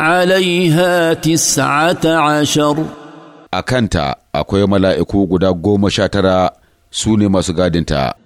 عليها تسعة عشر أكنت أكوي ملائكو قد قوم شاترا سوني ما سقادنتا